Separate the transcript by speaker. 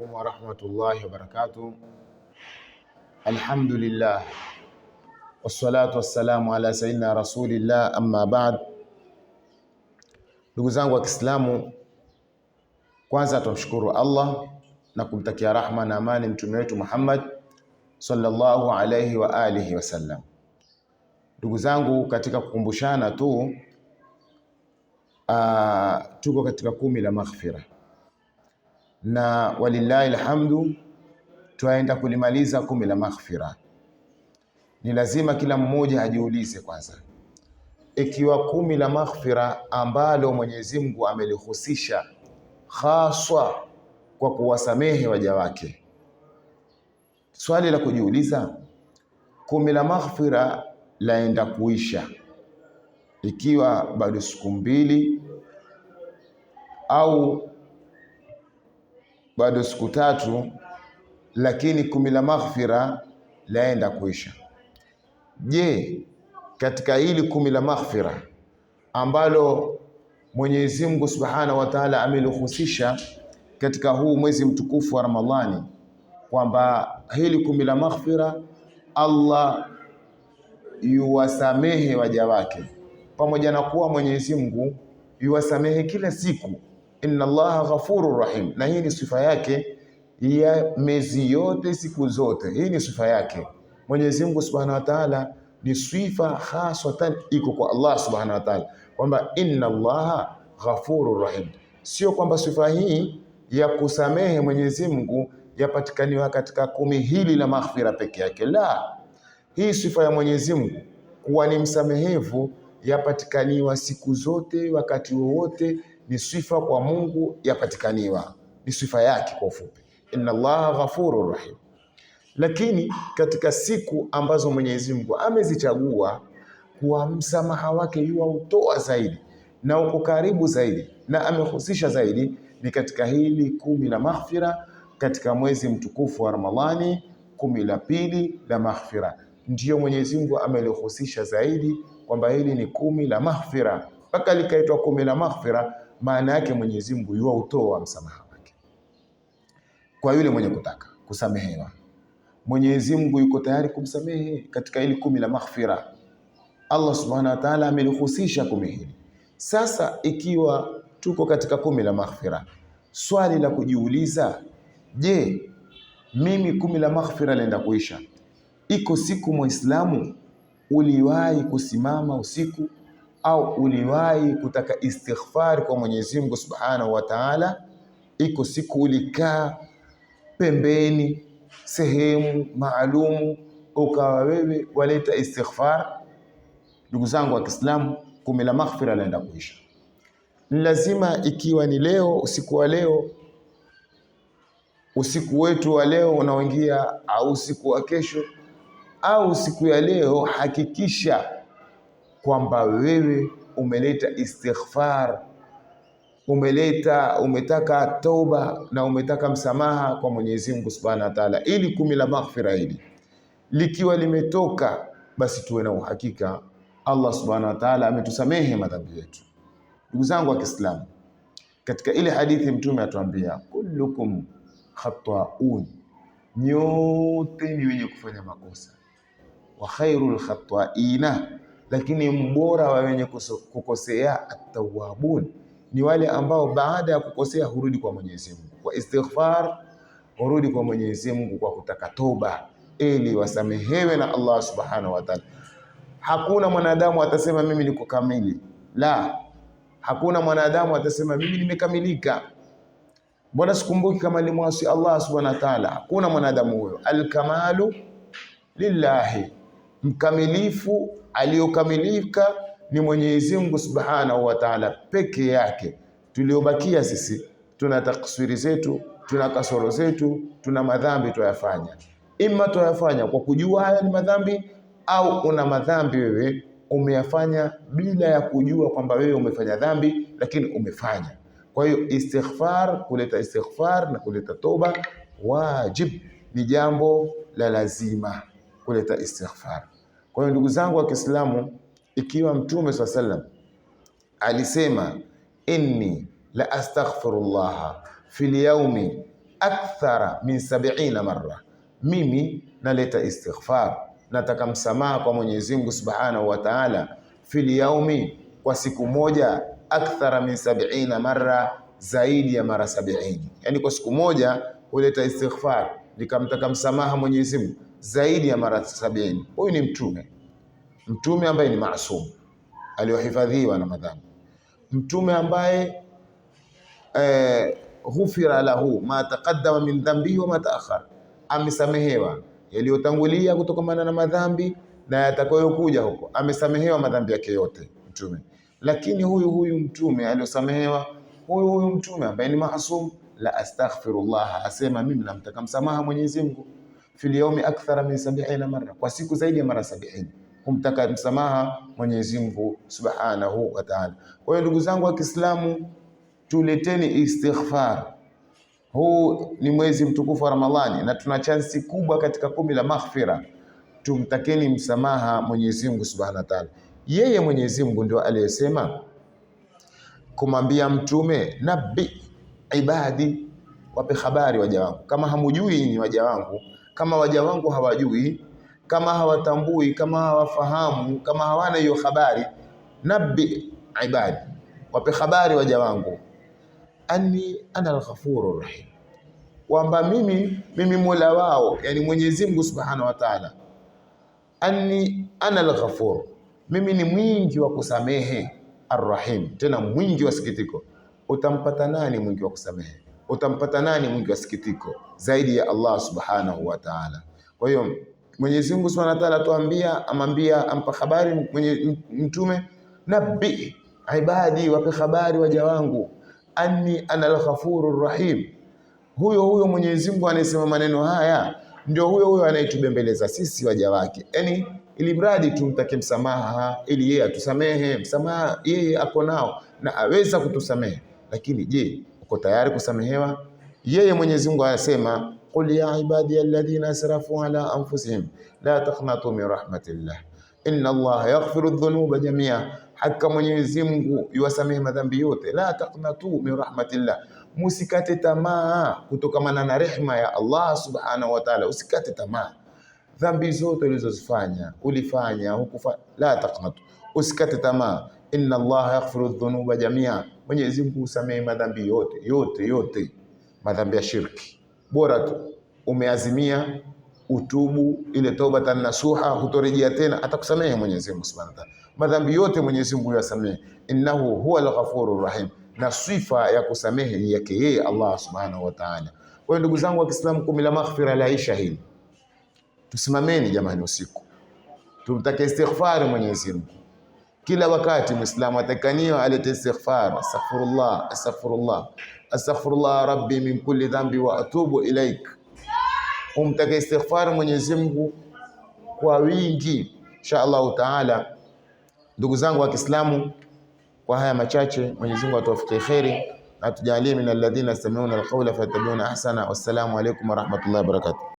Speaker 1: alaikum warahmatullahi wabarakatuh. Alhamdulillah wassalatu wassalamu ala sayyidina rasulillah, amma ba'd. Ndugu zangu wa Kiislamu, kwanza tumshukuru Allah na kumtakia rahma na amani mtume wetu Muhammad sallallahu alayhi wa alihi wasallam. Ndugu zangu, katika kukumbushana tu, uh, tuko katika kumi la maghfira na walillahi alhamdu, twaenda kulimaliza kumi la maghfira. Ni lazima kila mmoja ajiulize kwanza, ikiwa kumi la maghfira ambalo Mwenyezi Mungu amelihusisha haswa kwa kuwasamehe waja wake, swali la kujiuliza, kumi la maghfira laenda kuisha ikiwa bado siku mbili au bado siku tatu, lakini kumi la maghfira laenda kuisha. Je, katika hili kumi la maghfira ambalo Mwenyezi Mungu Subhanahu wa Ta'ala amelihusisha katika huu mwezi mtukufu wa Ramadhani, kwamba hili kumi la maghfira Allah yuwasamehe waja wake, pamoja na kuwa Mwenyezi Mungu yuwasamehe kila siku inna Allaha ghafurur rahim, na hii ni sifa yake ya mezi yote siku zote. Hii ni sifa yake Mwenyezi Mungu Subhanahu wa Ta'ala, ni sifa haswatan iko kwa Allah Subhanahu wa Ta'ala kwamba inna Allaha ghafurur rahim, sio kwamba sifa hii ya kusamehe Mwenyezi Mungu yapatikaniwa katika kumi hili la maghfira peke yake. La, hii sifa ya Mwenyezi Mungu kuwa ni msamehevu yapatikaniwa siku zote, wakati wowote ni sifa kwa Mungu yapatikaniwa, ni sifa yake kwa ufupi, inna Allaha ghafurur rahim. Lakini katika siku ambazo Mwenyezi Mungu amezichagua kwa msamaha wake utoa zaidi na uko karibu zaidi na amehusisha zaidi, ni katika hili kumi la maghfira, katika mwezi mtukufu wa Ramadhani, kumi la pili la maghfira, ndiyo Mwenyezi Mungu amelihusisha zaidi kwamba hili ni kumi la maghfira, mpaka likaitwa kumi la maghfira maana yake Mwenyezi Mungu yuwa utoa msamaha wake kwa yule mwenye kutaka kusamehewa. Mwenyezi Mungu yuko tayari kumsamehe katika hili kumi la maghfira. Allah Subhanahu wa Ta'ala amelihusisha kumi hili. Sasa ikiwa tuko katika kumi la maghfira, swali la kujiuliza, je, mimi kumi la maghfira lenda kuisha, iko siku Muislamu uliwahi kusimama usiku au uliwahi kutaka istighfar kwa Mwenyezi Mungu Subhanahu wa Ta'ala? Iko siku ulikaa pembeni sehemu maalumu ukawa wewe waleta istighfar? Ndugu zangu wa Kiislamu, kumi la maghfira laenda kuisha. Ni lazima ikiwa ni leo, usiku wa leo, usiku wetu wa leo unaoingia, au usiku wa kesho, au siku ya leo, hakikisha kwamba wewe umeleta istighfar, umeleta umetaka toba na umetaka msamaha kwa Mwenyezi Mungu Subhanahu wa Ta'ala, ili kumi la maghfira hili likiwa limetoka, basi tuwe na uhakika Allah Subhanahu wa Ta'ala ametusamehe madhambi yetu. Ndugu zangu wa Kiislamu, katika ile hadithi Mtume atuambia kullukum khataun, nyote ni wenye kufanya makosa, wa khairul khataina lakini mbora wa wenye kukosea atawabun ni wale ambao baada ya kukosea hurudi kwa Mwenyezi Mungu kwa istighfar, hurudi kwa Mwenyezi Mungu kwa kutaka toba ili wasamehewe na Allah subhanahu wa ta'ala. Hakuna mwanadamu atasema mimi niko kamili, la, hakuna mwanadamu atasema mimi nimekamilika, mbona sikumbuki kama limwasi Allah subhanahu wa ta'ala. Hakuna mwanadamu huyo, alkamalu lillahi mkamilifu aliyokamilika ni Mwenyezi Mungu Subhanahu wa Ta'ala peke yake. Tuliobakia sisi tuna takswiri zetu, tuna kasoro zetu, tuna madhambi twayafanya, ima twayafanya kwa kujua haya ni madhambi, au una madhambi wewe umeyafanya bila ya kujua kwamba wewe umefanya dhambi, lakini umefanya. Kwa hiyo istighfar, kuleta istighfar na kuleta toba, wajib, ni jambo la lazima kuleta istighfar. Kwa hiyo ndugu zangu wa Kiislamu, ikiwa Mtume swalla sallam alisema inni la astaghfirullaha fil yaumi akthara min sab'ina marra, mimi naleta istighfar, nataka msamaha kwa Mwenyezi Mungu Subhanahu wa Ta'ala, fil yaumi, kwa siku moja, akthara min sab'ina marra, zaidi ya mara sabini. Yani kwa siku moja huleta istighfar, nikamtaka msamaha Mwenyezi Mungu zaidi ya mara sabini. Huyu ni mtume, mtume ambaye ni maasum aliyohifadhiwa na madhambi, mtume ambaye eh, lahu ma taqaddama min dhambihi wa ma taakhar, amesamehewa yaliyotangulia kutokamana na madhambi na yatakayokuja huko, amesamehewa madhambi yake yote mtume. Lakini huyu huyu mtume aliyosamehewa, huyu huyu mtume ambaye ni maasum, la astaghfirullah, asema mimi namtaka msamaha Mwenyezi Mungu fil yaumi akthara min sabiina marra, kwa siku zaidi ya mara sabiini kumtaka msamaha Mwenyezi Mungu Subhanahu wa Ta'ala. Kwa hiyo ndugu zangu wa Kiislamu, tuleteni istighfar. Huu ni mwezi mtukufu wa Ramadhani na tuna chansi kubwa katika kumi la maghfira. Tumtakeni msamaha Mwenyezi Mungu Subhanahu wa Ta'ala. Yeye Mwenyezi Mungu ndio aliyesema kumwambia Mtume, nabi ibadi, wape habari waja wangu, kama hamujui ni waja wangu kama waja wangu hawajui, kama hawatambui, kama hawafahamu, kama hawana hiyo habari, nabi ibadi, wape habari waja wangu, anni ana alghafuru rahim, kwamba mimi mimi mola wao, yani Mwenyezi Mungu subhanahu wa taala, anni ana alghafur, mimi ni mwingi wa kusamehe, arrahim, tena mwingi wa sikitiko. Utampata nani mwingi wa kusamehe? utampata nani mwingi wa sikitiko zaidi ya Allah subhanahu wa ta'ala? Kwa hiyo Mwenyezi Mungu subhanahu wa ta'ala tuambia, amambia, ampa habari mwenye mtume, nabi ibadi, wape habari waja wangu, anni ana al-ghafurur rahim. Huyo huyo Mwenyezi Mungu anayesema maneno haya ndio huyo huyo anayetubembeleza sisi waja wake, yaani ili mradi tumtake msamaha, ili yeye atusamehe. Msamaha yeye ako nao na aweza kutusamehe, lakini je uko tayari kusamehewa? Yeye Mwenyezi Mungu anasema qul ya ibadi alladhina asrafu ala anfusihim la taqnatu min rahmatillah inna Allaha yaghfiru dhunuba jamia, hakika Mwenyezi Mungu yuwasamehe madhambi yote. La taqnatu min rahmatillah, musikate tamaa kutokamana na rehma ya Allah subhanahu wa ta'ala. Usikate tamaa, dhambi zote ulizozifanya ulifanya hukufa, La taqnatu, usikate tamaa inna Allaha yaghfiru dhunuba jamia, Mwenyezi Mungu husamehe madhambi yote yote yote, madhambi ya shirki, bora tu umeazimia utubu, ile toba tan nasuha, hutorejea tena, atakusamehe Mwenyezi Mungu Subhanahu wa Ta'ala. Madhambi yote Mwenyezi Mungu yasamehe, innahu huwa al rahim, na sifa ya kusamehe ni yake yeye Allah Subhanahu wa Ta'ala. Kwa hiyo ndugu zangu wa Kiislamu, kumi la maghfira la laisha hili, tusimameni jamani, usiku tumtake istighfari Mwenyezi Mungu kila wakati Muislamu atakaniwa alete istighfar, astaghfirullah, astaghfirullah, astaghfirullah rabbi min kulli dhambi wa atubu ilaik. umtaka istighfar Mwenyezi Mungu kwa wingi insha Allahu taala. Ndugu zangu wa Kiislamu, kwa haya machache, Mwenyezi Mungu atuwafikie kheri na tujalie min alladhina yastami'una alqawla fayattabi'una ahsana. Wassalamu alaykum wa rahmatullahi wa barakatuh.